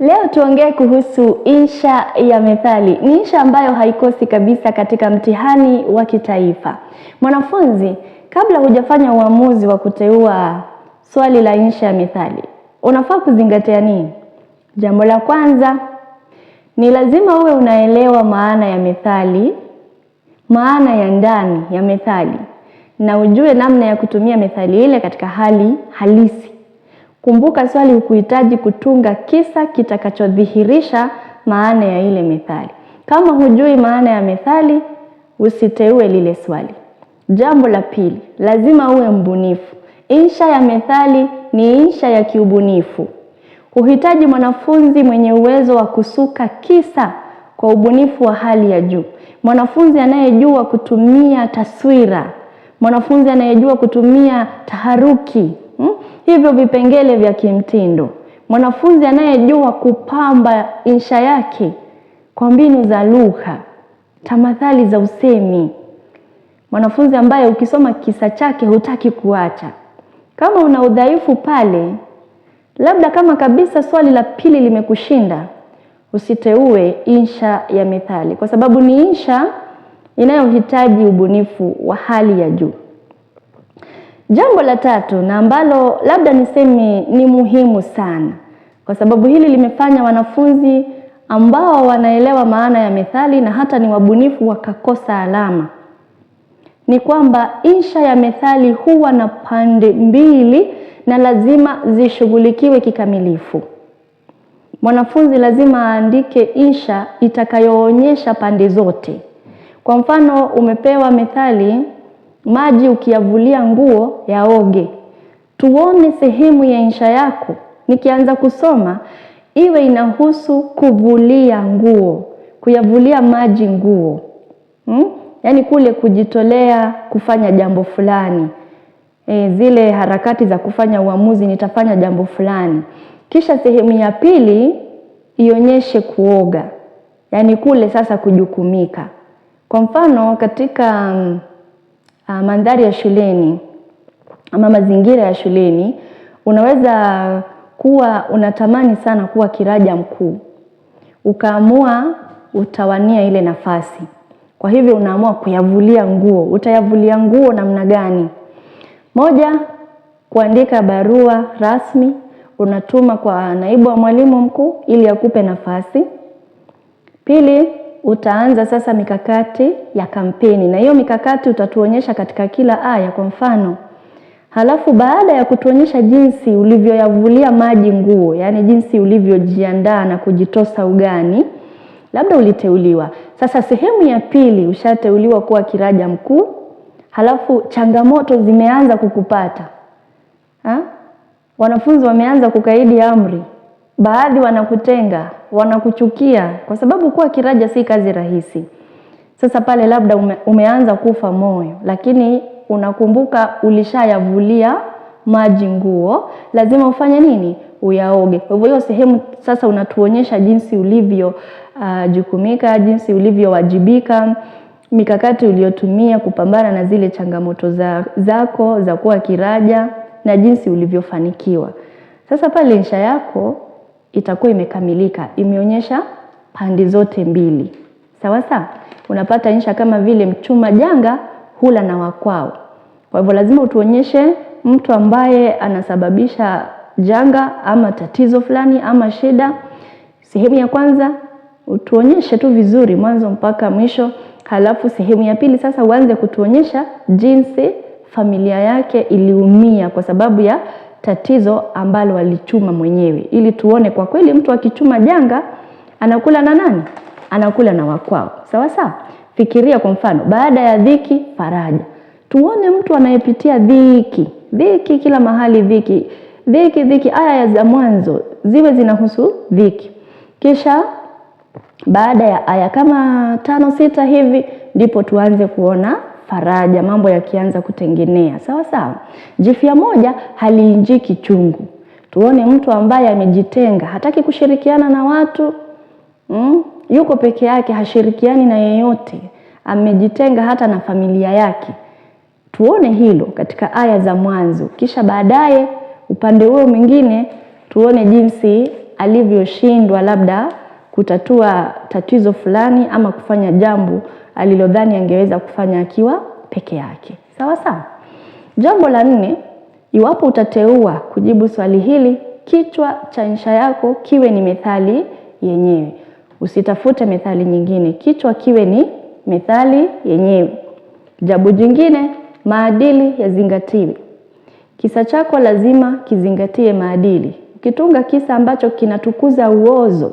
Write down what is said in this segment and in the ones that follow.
Leo tuongee kuhusu insha ya methali. Ni insha ambayo haikosi kabisa katika mtihani wa kitaifa. Mwanafunzi, kabla hujafanya uamuzi wa kuteua swali la insha ya methali, unafaa kuzingatia nini? Jambo la kwanza ni lazima uwe unaelewa maana ya methali, maana ya ndani ya methali na ujue namna ya kutumia methali ile katika hali halisi. Kumbuka, swali hukuhitaji kutunga kisa kitakachodhihirisha maana ya ile methali. Kama hujui maana ya methali, usiteue lile swali. Jambo la pili, lazima uwe mbunifu. Insha ya methali ni insha ya kiubunifu. Huhitaji mwanafunzi mwenye uwezo wa kusuka kisa kwa ubunifu wa hali ya juu, mwanafunzi anayejua kutumia taswira, mwanafunzi anayejua kutumia taharuki hmm? Hivyo vipengele vya kimtindo, mwanafunzi anayejua kupamba insha yake kwa mbinu za lugha, tamathali za usemi, mwanafunzi ambaye ukisoma kisa chake hutaki kuacha. Kama una udhaifu pale, labda kama kabisa swali la pili limekushinda, usiteue insha ya methali, kwa sababu ni insha inayohitaji ubunifu wa hali ya juu. Jambo la tatu na ambalo labda niseme ni muhimu sana, kwa sababu hili limefanya wanafunzi ambao wanaelewa maana ya methali na hata ni wabunifu wakakosa alama, ni kwamba insha ya methali huwa na pande mbili na lazima zishughulikiwe kikamilifu. Mwanafunzi lazima aandike insha itakayoonyesha pande zote. Kwa mfano, umepewa methali maji ukiyavulia nguo yaoge. Tuone sehemu ya insha yako, nikianza kusoma iwe inahusu kuvulia nguo, kuyavulia maji nguo hmm? Yaani kule kujitolea kufanya jambo fulani e, zile harakati za kufanya uamuzi, nitafanya jambo fulani. Kisha sehemu ya pili ionyeshe kuoga, yaani kule sasa kujukumika. Kwa mfano katika mm, Ah, mandhari ya shuleni ama mazingira ya shuleni, unaweza kuwa unatamani sana kuwa kiraja mkuu, ukaamua utawania ile nafasi. Kwa hivyo unaamua kuyavulia nguo. Utayavulia nguo namna gani? Moja, kuandika barua rasmi, unatuma kwa naibu wa mwalimu mkuu ili akupe nafasi. Pili, utaanza sasa mikakati ya kampeni, na hiyo mikakati utatuonyesha katika kila aya kwa mfano. Halafu baada ya kutuonyesha jinsi ulivyoyavulia maji nguo, yaani jinsi ulivyojiandaa na kujitosa ugani, labda uliteuliwa. Sasa sehemu ya pili, ushateuliwa kuwa kiraja mkuu, halafu changamoto zimeanza kukupata ha? Wanafunzi wameanza kukaidi amri, baadhi wanakutenga wanakuchukia kwa sababu kuwa kiraja si kazi rahisi. Sasa pale labda ume, umeanza kufa moyo, lakini unakumbuka ulishayavulia maji nguo, lazima ufanye nini? Uyaoge. Kwa hivyo hiyo sehemu sasa unatuonyesha jinsi ulivyo uh, jukumika, jinsi ulivyowajibika, mikakati uliyotumia kupambana na zile changamoto za, zako za kuwa kiraja na jinsi ulivyofanikiwa. Sasa pale insha yako itakuwa imekamilika, imeonyesha pande zote mbili. Sawa sawa, unapata insha kama vile mchuma janga hula na wakwao. Kwa hivyo lazima utuonyeshe mtu ambaye anasababisha janga ama tatizo fulani ama shida. Sehemu ya kwanza utuonyeshe tu vizuri mwanzo mpaka mwisho, halafu sehemu ya pili sasa uanze kutuonyesha jinsi familia yake iliumia kwa sababu ya tatizo ambalo walichuma mwenyewe, ili tuone kwa kweli mtu akichuma janga anakula na nani? Anakula na wakwao, sawa sawa. Fikiria kwa mfano, baada ya dhiki faraja. Tuone mtu anayepitia dhiki, dhiki kila mahali, dhiki dhiki dhiki. Aya za mwanzo ziwe zinahusu dhiki, kisha baada ya aya kama tano sita hivi ndipo tuanze kuona faraja, mambo yakianza kutengenea sawa sawa. Jifia moja haliinjiki chungu. Tuone mtu ambaye amejitenga, hataki kushirikiana na watu mm? Yuko peke yake, hashirikiani na yeyote, amejitenga hata na familia yake. Tuone hilo katika aya za mwanzo, kisha baadaye upande huo mwingine tuone jinsi alivyoshindwa labda kutatua tatizo fulani ama kufanya jambo alilodhani angeweza kufanya akiwa peke yake. Sawa sawa. Jambo la nne, iwapo utateua kujibu swali hili, kichwa cha insha yako kiwe ni methali yenyewe. Usitafute methali nyingine, kichwa kiwe ni methali yenyewe. Jambo jingine, maadili yazingatiwe. Kisa chako lazima kizingatie maadili. Ukitunga kisa ambacho kinatukuza uozo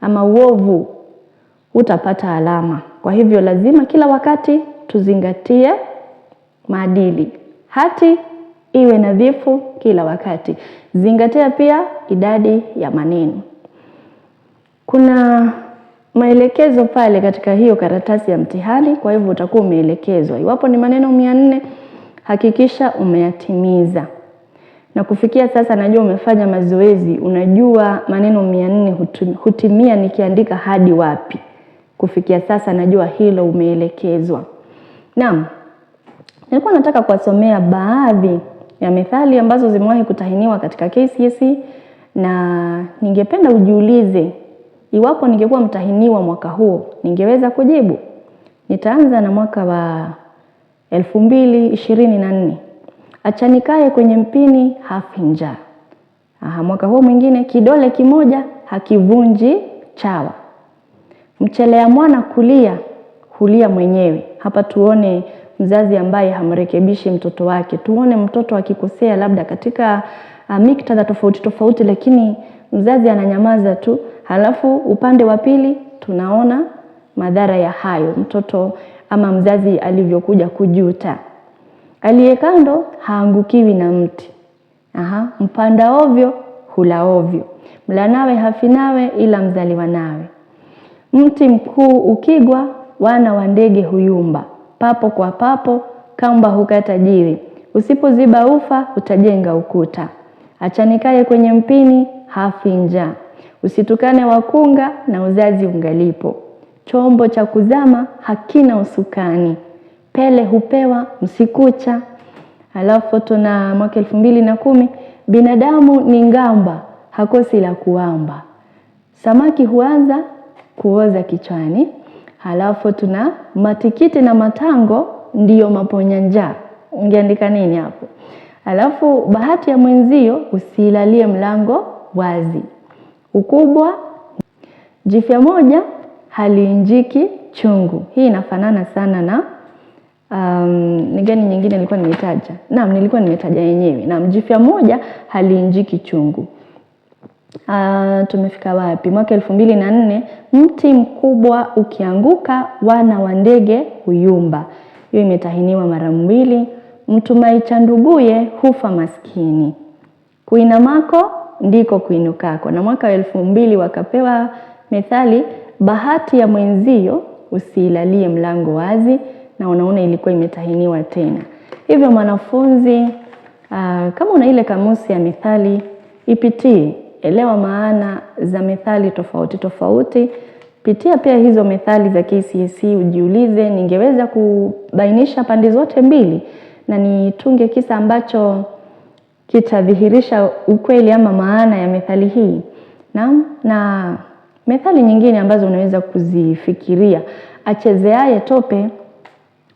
ama uovu, utapata alama. Kwa hivyo lazima kila wakati tuzingatie maadili. Hati iwe nadhifu kila wakati. Zingatia pia idadi ya maneno. Kuna maelekezo pale katika hiyo karatasi ya mtihani, kwa hivyo utakuwa umeelekezwa. Iwapo ni maneno mia nne, hakikisha umeyatimiza. Na kufikia sasa najua umefanya mazoezi, unajua maneno mia nne hutimia nikiandika hadi wapi kufikia sasa najua hilo umeelekezwa. Naam, nilikuwa nataka kuwasomea baadhi ya methali ambazo zimewahi kutahiniwa katika KCSE na ningependa ujiulize iwapo ningekuwa mtahiniwa mwaka huo ningeweza kujibu. Nitaanza na mwaka wa elfu mbili ishirini na nne achanikaye kwenye mpini hafi njaa. Aha, mwaka huo mwingine kidole kimoja hakivunji chawa. Mchelea mwana kulia hulia mwenyewe. Hapa tuone mzazi ambaye hamrekebishi mtoto wake, tuone mtoto akikosea labda katika uh, miktadha tofauti tofauti, lakini mzazi ananyamaza tu. Halafu upande wa pili tunaona madhara ya hayo, mtoto ama mzazi alivyokuja kujuta. Aliye kando haangukiwi na mti. Aha, mpanda ovyo hula ovyo, Mlanawe hafinawe ila mzaliwa nawe. Mti mkuu ukigwa, wana wa ndege huyumba. Papo kwa papo, kamba hukata jiwe Usipoziba ufa, utajenga ukuta. Achanikaye kwenye mpini, hafi njaa. Usitukane wakunga, na uzazi ungalipo. Chombo cha kuzama hakina usukani. Pele hupewa msikucha. Alafu tuna mwaka elfu mbili na kumi binadamu ni ngamba, hakosi la kuamba. Samaki huanza kuoza kichwani. Halafu tuna matikiti na matango ndiyo maponya njaa. Ungeandika nini hapo? Halafu bahati ya mwenzio usilalie mlango wazi. Ukubwa jifya moja haliinjiki chungu. Hii inafanana sana na um, ni gani nyingine nilikuwa nimetaja? Naam, nilikuwa nimetaja yenyewe. Naam, jifya moja haliinjiki chungu. Uh, tumefika wapi? Mwaka elfu mbili na nne mti mkubwa ukianguka wana wa ndege huyumba. Hiyo imetahiniwa mara mbili. Mtumai cha hufa maskini, kuinamako ndiko kuinukako. Na mwaka wa elfu mbili wakapewa methali, bahati ya mwenzio usiilalie mlango wazi, na unaona ilikuwa imetahiniwa tena. Hivyo mwanafunzi, uh, kama una ile kamusi ya methali ipitie elewa maana za methali tofauti tofauti. Pitia pia hizo methali za KCSE ujiulize, ningeweza kubainisha pande zote mbili na nitunge kisa ambacho kitadhihirisha ukweli ama maana ya methali hii. Naam, na methali nyingine ambazo unaweza kuzifikiria, achezeaye tope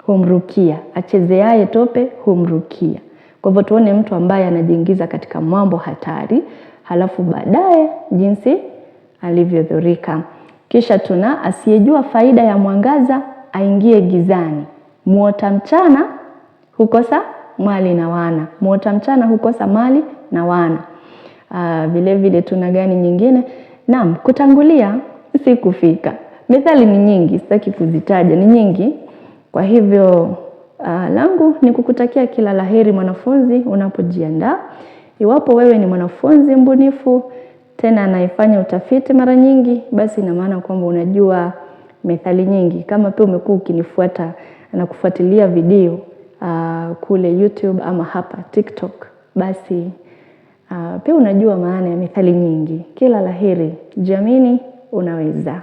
humrukia, achezeaye tope humrukia. Kwa hivyo tuone mtu ambaye anajiingiza katika mambo hatari halafu baadaye jinsi alivyodhurika. Kisha tuna asiyejua faida ya mwangaza aingie gizani, mwota mchana hukosa mali na wana, mwota mchana hukosa mali na wana. Vilevile ah, vile tuna gani nyingine? Naam, kutangulia si kufika. Mithali ni nyingi, sitaki kuzitaja, ni nyingi. Kwa hivyo uh, langu ni kukutakia kila laheri mwanafunzi unapojiandaa Iwapo wewe ni mwanafunzi mbunifu tena anayefanya utafiti mara nyingi, basi ina maana kwamba unajua methali nyingi. Kama pia umekuwa ukinifuata na kufuatilia video uh, kule YouTube ama hapa TikTok, basi uh, pia unajua maana ya methali nyingi. Kila laheri, jiamini, unaweza.